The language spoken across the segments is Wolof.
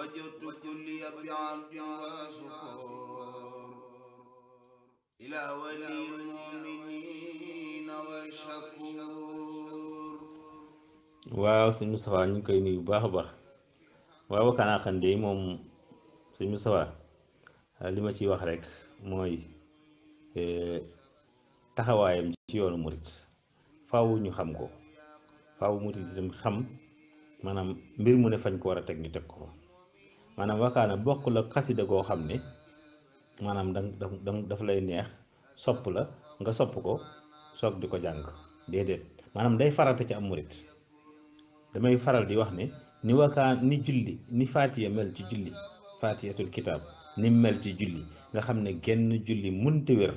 وجدت كلي بعبد وسكور ñu ngi koy nuyu bu baax a baax waaw wakkaanaa xande yi moom sëñ Moustapha li ma ciy wax rek mooy e, taxawaayam ci yoonu murit faaw ñu xam ko faaw murit itam xam maanaam mbir mu ne fañ ko war a teg ñu teg ko manam wakaana bokkul la qasida go xamne manam dang dang daf lay neex sop la nga sop ko sok diko jang dedet manam day farata ci am mourid damay faral di wax ne ni waka ni julli ni faatiya mel ci julli faatiyatul kitab, ni mel ci julli nga xamne genn julli munte wer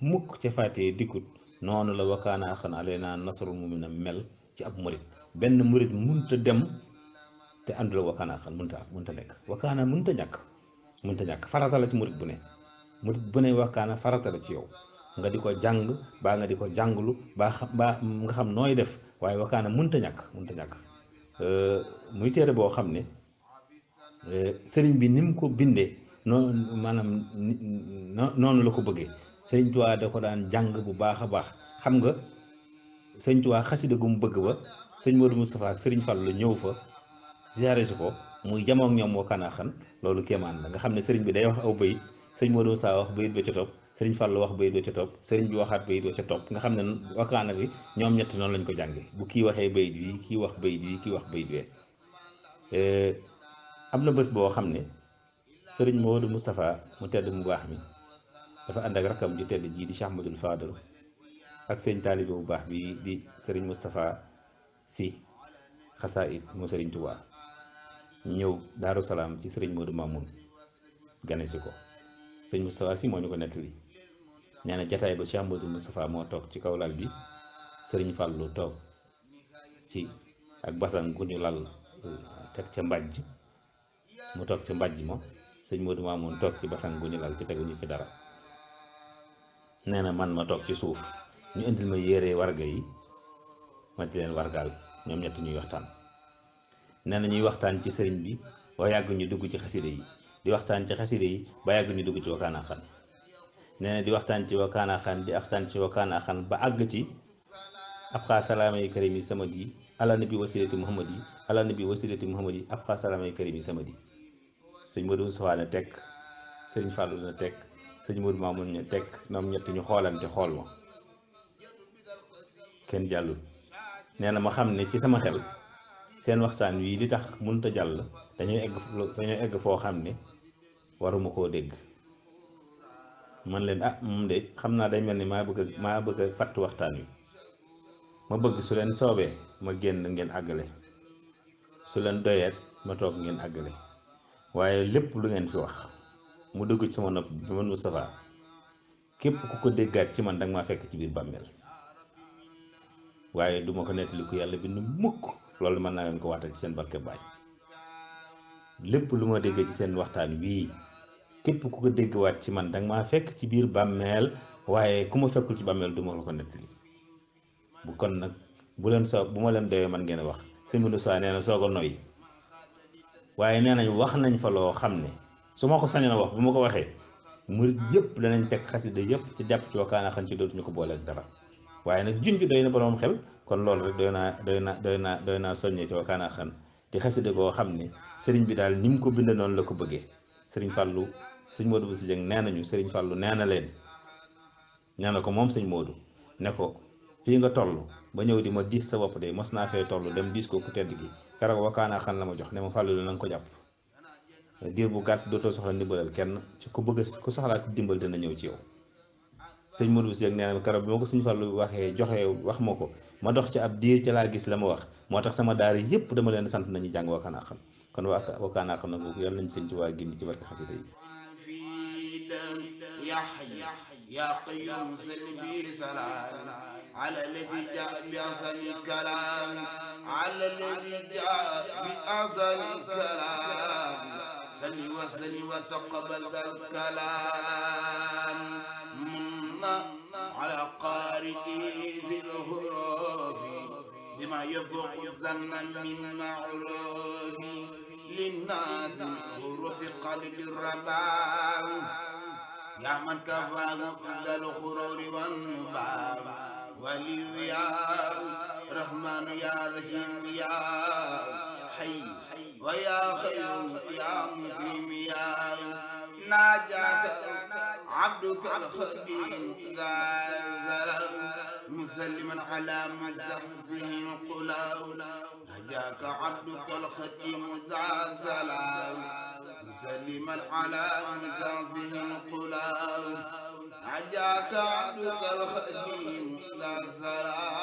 mukk ca faatiya dikut nonu la wakaana khana alena nasrul mumina mel ci ab mourid ben mourid munta dem te àndul ak wakaana xal mënta ak mënta nekk wakaana mënta ñàkk mënta ñàkk farata la ci murit bu ne murit bu ne wakaana farata la ci yow nga di ko jàng baa nga di ko jànglu baa baax baa nga xam nooy def waaye wakaana mënta ñàkk mënta ñàkk euh, muy téere boo xam ne euh, sëriñ bi ni mu ko bindee noonu maanaam noonu la ko bëggee sëriñ Tuubaa da ko daan jàng bu baax a baax xam nga sëriñ Tuubaa xasida gu mu bëgg ba sëriñ Modou Moustapha ak sëriñ Fallou ñëw fa ziare si ko muy jamook ñoom wa kanaaxan loolu kéemaan la nga xam ne sëriñ bi day wax aw bayit sëriñ Modou Sa wax bayit sëriñ Fàllu wax bayit ba ca topp bi waxaat bayit ba nga xam ne wakaana bi ñoom ñett noonu lañ ko jànge bu kii waxee bayit bi kii wax bayit bi kii wax bayit wee eh, na bés boo xam ne sëriñ Modou Moustapha mu tedd mu baax mi dafa ànd ak rakam ju tedd jii di Cheikh Ahmadoul Fadal ak sëñ taalibe bu baax bi di sëriñ Moustapha si xasaa it mu sëriñ Touba ñew daru salam, ci serigne Modou Mamoun gane ci ko serigne Moustapha si mo ñu ko nettali nee na jataay ba Cheikh Modou Moustapha mo tok ci kaw lal bi serigne fallu tok ci ak basan gu ñu lal tek ci mbajj mu tok ci mbajj mo serigne Modou Mamoun tok ci basan gu ñu lal ci teguñu ci dara man ma tok ci suuf ñu andil ma yéré warga yi ma di len wargal ñom ñet ñuy waxtaan nee na ñuy waxtaan ci sëriñ bi ba yàgg ñu dugg ci xaside yi di waxtaan ci xaside yi ba yàgg ñu dugg ci wakaana nee na di waxtaan ci wakaana xan di waxtaan ci wakaana ba àgg ci ab xaa salaamay karim yi samad yi ala nabi wasilati muhammad yi ala nabi wasilati muhammad yi ab xaa salaamay karim yi samad yi sëñ Modou Moussa ne tekk sëñ Fallou na tekk sëñ Modou Mamoun ne tekk ñoom ñett ñu xoolante xool ma kenn jàllul nee na ma xam ne ci sama xel seen waxtaan wi li tax munta jall dañuy egg dañuy egg fo xamni ne waruma koo dégg man len ah mum de xamna day melni ma bëgg ma bëgg fat waxtaan wi ma bëgg su len soobee ma genn ngeen agalé su len doyeet ma tok ngeen agalé waye lepp lu ngeen fi wax mu dëggu ci sama nopp bi man Moustapha képp ku ko déggaat ci man danga ma fekk ci biir bammel waaye du ma ko nettali ku yàlla bi bind mukk loolu mën naa leen ko waatal ci seen barke baay lépp lu ma déggee ci seen waxtaan wii képp ku ko déggwaat ci man danga maa fekk ci biir bàmmeel waaye ku ma fekkul ci bàmmeel du ma la ko nettali bu kon nag bu leen soo bu ma leen doyee man ngeen wax sëñ saa nee na soog a noyyi waaye nee nañ wax nañ fa loo xam ne su ma ko sañoon wax bu ma ko waxee murit yëpp danañ teg xasida yëpp ci jàpp ci kaanaaxam xan ci ko boole dara waaye nag junj doy na borom xel kon loolu rek doy naa doy naa doy naa doy naa soññeeti di xaside koo xam ne sëriñ bi daal ni mu ko bind noonu la ko bëggee sëriñ Fallou sëñ Modou Bousso Dieng nee nañu sëriñ Fallou nee na leen nee na ko moom sëñ Modou ne ko fii nga toll ba ñëw di ma diis sa wopp de mos naa fee toll dem diis ko ku tedd gi keroog wa kaana la ma jox ne ma Fallou la na ko jàpp diir bu gàtt dootoo soxla ndimbalal kenn ci ku bëgg ku soxlaa dimbal dina ñëw ci yow. sëñ Modou Seck nee na keroog bi ma ko sëñ Fallu waxee joxe wax ma ko ma dox ci ab diir ca laa gis la ma wax moo tax sama daara yëpp dama leen sant nañu jàng Wakana xam kon Wakana xam na ko yal nañu sëñ Tuubaa génn ci barke xasida yi على الذي جاء بأحسن الكلام على الذي جاء بأحسن الكلام سل وسل وتقبل الكلام على قارئ ذي الهروب بما يفوق الظن من معروف للناس حروف قلب الرباب يا من كفاه إلى الغرور والنباب ولي يا رحمن يا رحيم يا عبدك الخديم ذا زلم مسلما على مزحزه القلاب هجاك عبدك الخديم ذا زلم مسلما على مزحزه القلاب هجاك عبدك الخديم ذا زلم